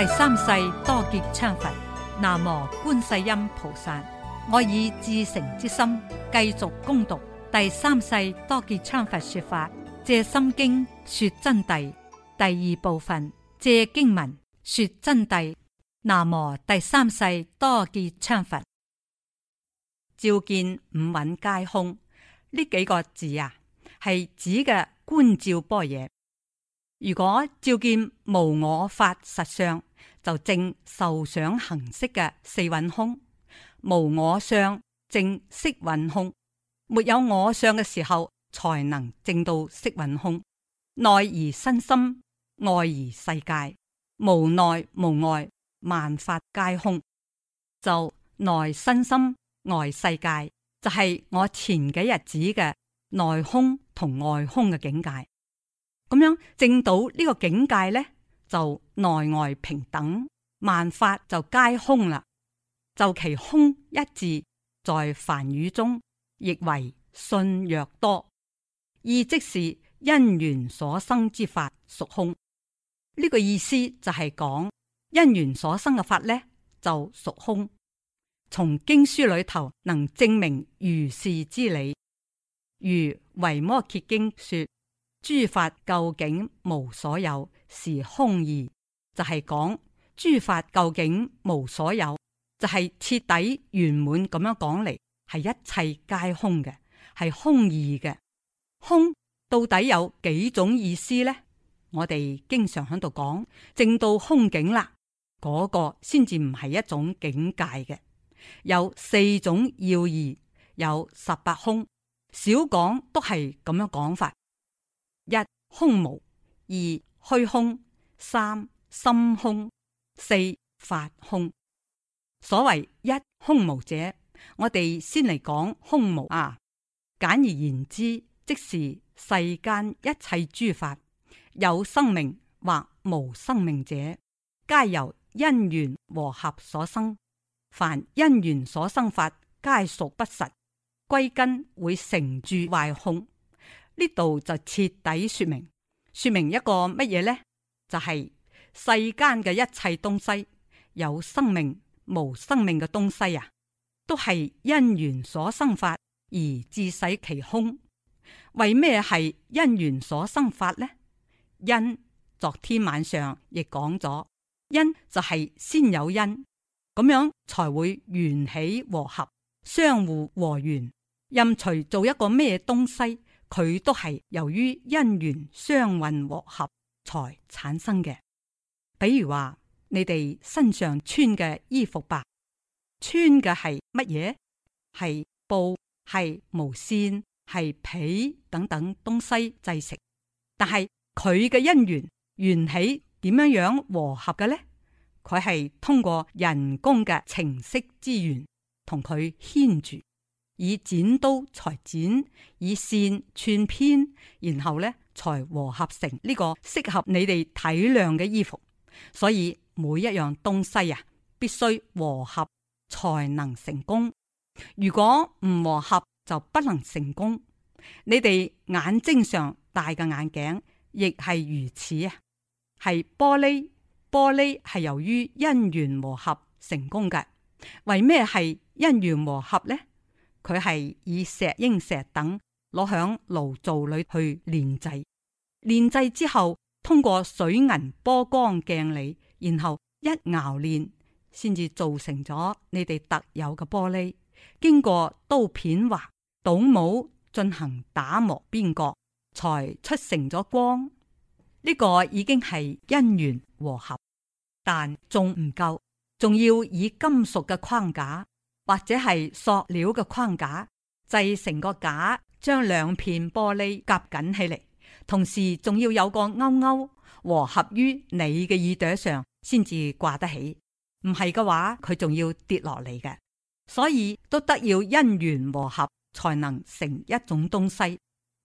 第三世多杰羌佛，南無觀世音菩薩。我以至誠之心繼續攻讀第三世多杰羌佛說法，借心經說真諦第二部分，借經文說真諦。南無第三世多杰羌佛，照見五蘊皆空，呢幾個字啊，係指嘅觀照般若。如果照見無我法實相，就證受想行識嘅四蘊空，無我相證色蘊空。沒有我相嘅時候，才能證到色蘊空。內而身心，外而世界，無內無外，萬法皆空。就內身心外世界，就係、是、我前幾日指嘅內空同外空嘅境界。咁樣證到呢個境界呢，就內外平等，萬法就皆空啦。就其空一字，在梵語中亦為信若多，意即是因緣所生之法屬空。呢、這個意思就係講因緣所生嘅法呢，就屬空。從經書裏頭能證明如是之理，如《維摩詰經》說。諸法究竟無所有是空義，就係講諸法究竟無所有，就係、是、徹、就是、底圓滿咁樣講嚟，係一切皆空嘅，係空義嘅。空到底有幾種意思呢？我哋經常喺度講，正到空境啦，嗰、那個先至唔係一種境界嘅。有四種要義，有十八空，少講都係咁樣講法。一空無，二虛空，三心空，四法空。所謂一空無者，我哋先嚟講空無啊。簡而言之，即是世間一切諸法，有生命或無生命者，皆由因緣和合所生。凡因緣所生法，皆屬不實，歸根會成住壞空。呢度就徹底說明，說明一個乜嘢呢？就係、是、世間嘅一切東西，有生命無生命嘅東西啊，都係因緣所生法而自使其空。為咩係因緣所生法呢？因昨天晚上亦講咗，因就係先有因，咁樣才會緣起和合，相互和緣，任隨做一個咩東西。佢都係由於因緣相運和合才產生嘅。比如話你哋身上穿嘅衣服吧，穿嘅係乜嘢？係布、係毛線、係皮等等東西製成。但係佢嘅因緣緣起點樣樣和合嘅呢？佢係通過人工嘅程式資源同佢牽住。以剪刀裁剪，以線串編，然後咧才和合成呢、這個適合你哋體量嘅衣服。所以每一樣東西啊，必須和合才能成功。如果唔和合，就不能成功。你哋眼睛上戴嘅眼鏡亦係如此啊，係玻璃，玻璃係由於因緣和合成功嘅。為咩係因緣和合呢？佢係以石英石等攞響爐灶裏去煉製，煉製之後通過水銀波光鏡裏，然後一熬煉，先至造成咗你哋特有嘅玻璃。經過刀片或倒模進行打磨邊角，才出成咗光。呢、這個已經係因緣和合，但仲唔夠，仲要以金屬嘅框架。或者係塑料嘅框架製成個架，將兩片玻璃夾緊起嚟，同時仲要有個勾勾和合於你嘅耳朵上，先至掛得起。唔係嘅話，佢仲要跌落嚟嘅。所以都得要因緣和合才能成一種東西。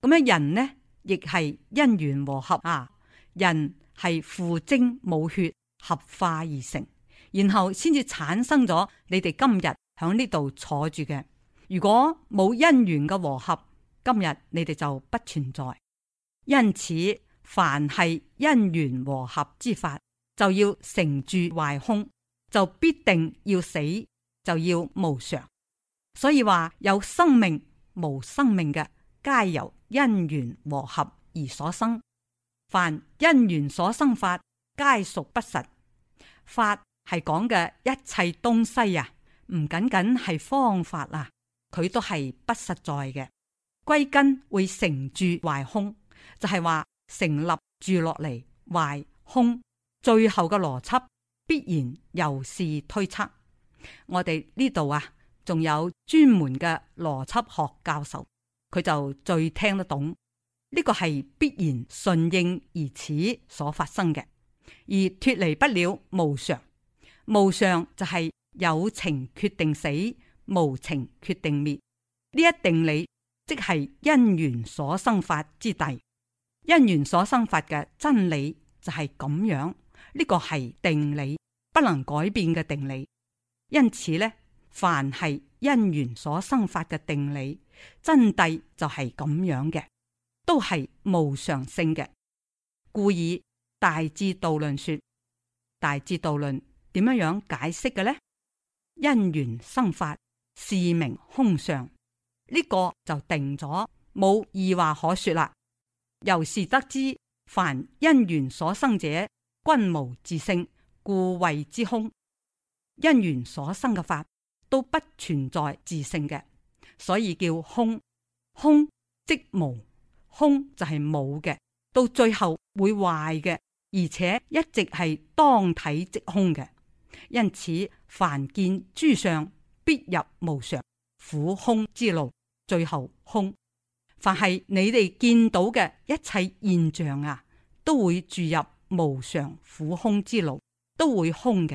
咁樣人呢，亦係因緣和合啊。人係父精母血合化而成，然後先至產生咗你哋今日。喺呢度坐住嘅，如果冇因緣嘅和合，今日你哋就不存在。因此，凡係因緣和合之法，就要成住壞空，就必定要死，就要無常。所以話有生命、無生命嘅，皆由因緣和合而所生。凡因緣所生法，皆屬不實。法係講嘅一切東西呀、啊。唔僅僅係方法啊，佢都係不實在嘅。歸根會成住壞空，就係話成立住落嚟壞空，最後嘅邏輯必然由是推測。我哋呢度啊，仲有專門嘅邏輯學教授，佢就最聽得懂。呢個係必然順應而此所發生嘅，而脫離不了無常。無常就係。有情決定死，無情決定滅。呢一定理，即係因緣所生法之諦。因緣所生法嘅真理就係咁樣，呢個係定理，不能改變嘅定理。因此呢，凡係因緣所生法嘅定理真諦就係咁樣嘅，都係無常性嘅。故以「大智度論」說，「大智度論」點樣樣解釋嘅呢？因緣生法是名空相，呢個就定咗，冇二話可說啦。由是得知，凡因緣所生者，均無自性，故謂之空。因緣所生嘅法，都不存在自性嘅，所以叫空。空即無，空就係冇嘅，到最後會壞嘅，而且一直係當體即空嘅。因此，凡見諸相，必入無常苦空之路，最後空。凡係你哋見到嘅一切現象啊，都會注入無常苦空之路，都會空嘅。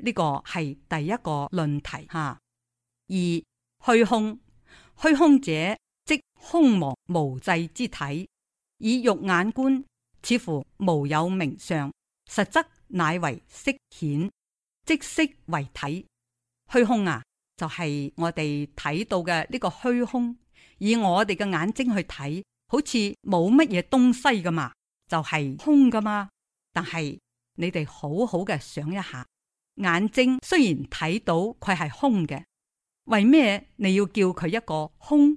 呢、這個係第一個論題吓。二、啊、虛空虛空者，即空無無際之體，以肉眼觀，似乎無有名相，實則乃為色顯。即色為體，虛空啊，就係、是、我哋睇到嘅呢個虛空。以我哋嘅眼睛去睇，好似冇乜嘢東西噶嘛，就係、是、空噶嘛。但係你哋好好嘅想一下，眼睛雖然睇到佢係空嘅，為咩你要叫佢一個空？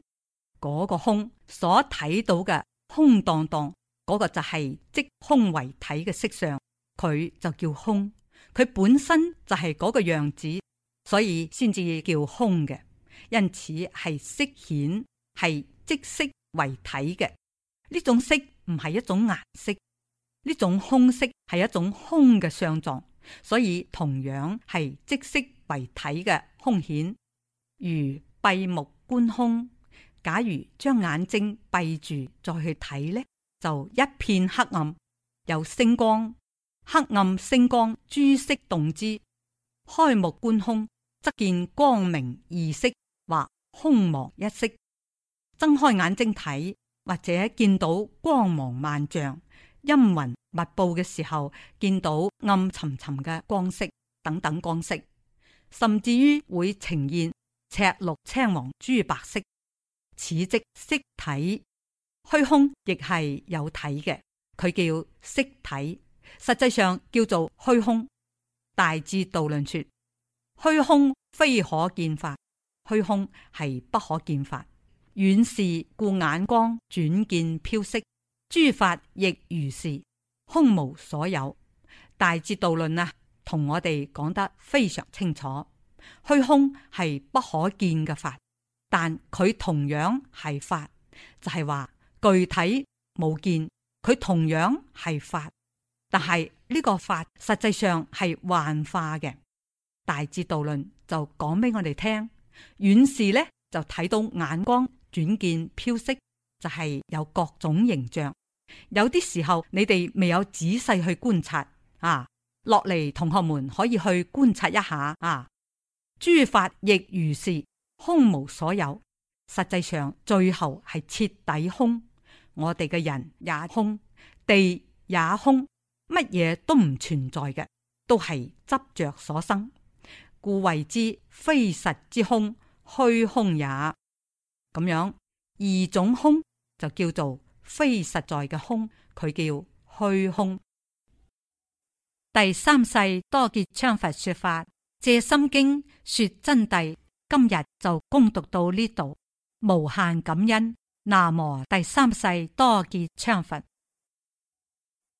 嗰、那個空所睇到嘅空蕩蕩，嗰、那個就係即空為體嘅色相，佢就叫空。佢本身就係嗰個樣子，所以先至叫空嘅。因此係色顯，係即色為體嘅。呢種色唔係一種顏色，呢種空色係一種空嘅相狀。所以同樣係即色為體嘅空顯。如閉目觀空，假如將眼睛閉住再去睇呢就一片黑暗，有星光。黑暗星光，珠色動之，開目觀空，則見光明異色或空茫一色。睜開眼睛睇，或者見到光芒萬丈、陰雲密布嘅時候，見到暗沉沉嘅光色等等光色，甚至於會呈現赤綠、青黃、珠白色。此即色，色體，虛空亦係有體嘅，佢叫色體。實際上叫做虛空，大智度論說虛空非可見法，虛空係不可見法。遠視故眼光轉見飄色，諸法亦如是，空無所有。大智度論啊，同我哋講得非常清楚，虛空係不可見嘅法，但佢同樣係法，就係、是、話，具體冇見，佢同樣係法。但係呢、這個法實際上係幻化嘅。大智度論就講俾我哋聽，遠視呢就睇到眼光轉見飄色，就係、是、有各種形象。有啲時候你哋未有仔細去觀察啊，落嚟同學們可以去觀察一下啊。諸法亦如是，空無所有。實際上最後係徹底空，我哋嘅人也空，地也空。乜嘢都唔存在嘅，都係執着所生，故謂之非實之空，虛空也。咁樣二種空就叫做非實在嘅空，佢叫虛空。第三世多杰羌佛說法，藉心經說真諦。今日就恭讀到呢度，無限感恩。南無第三世多杰羌佛。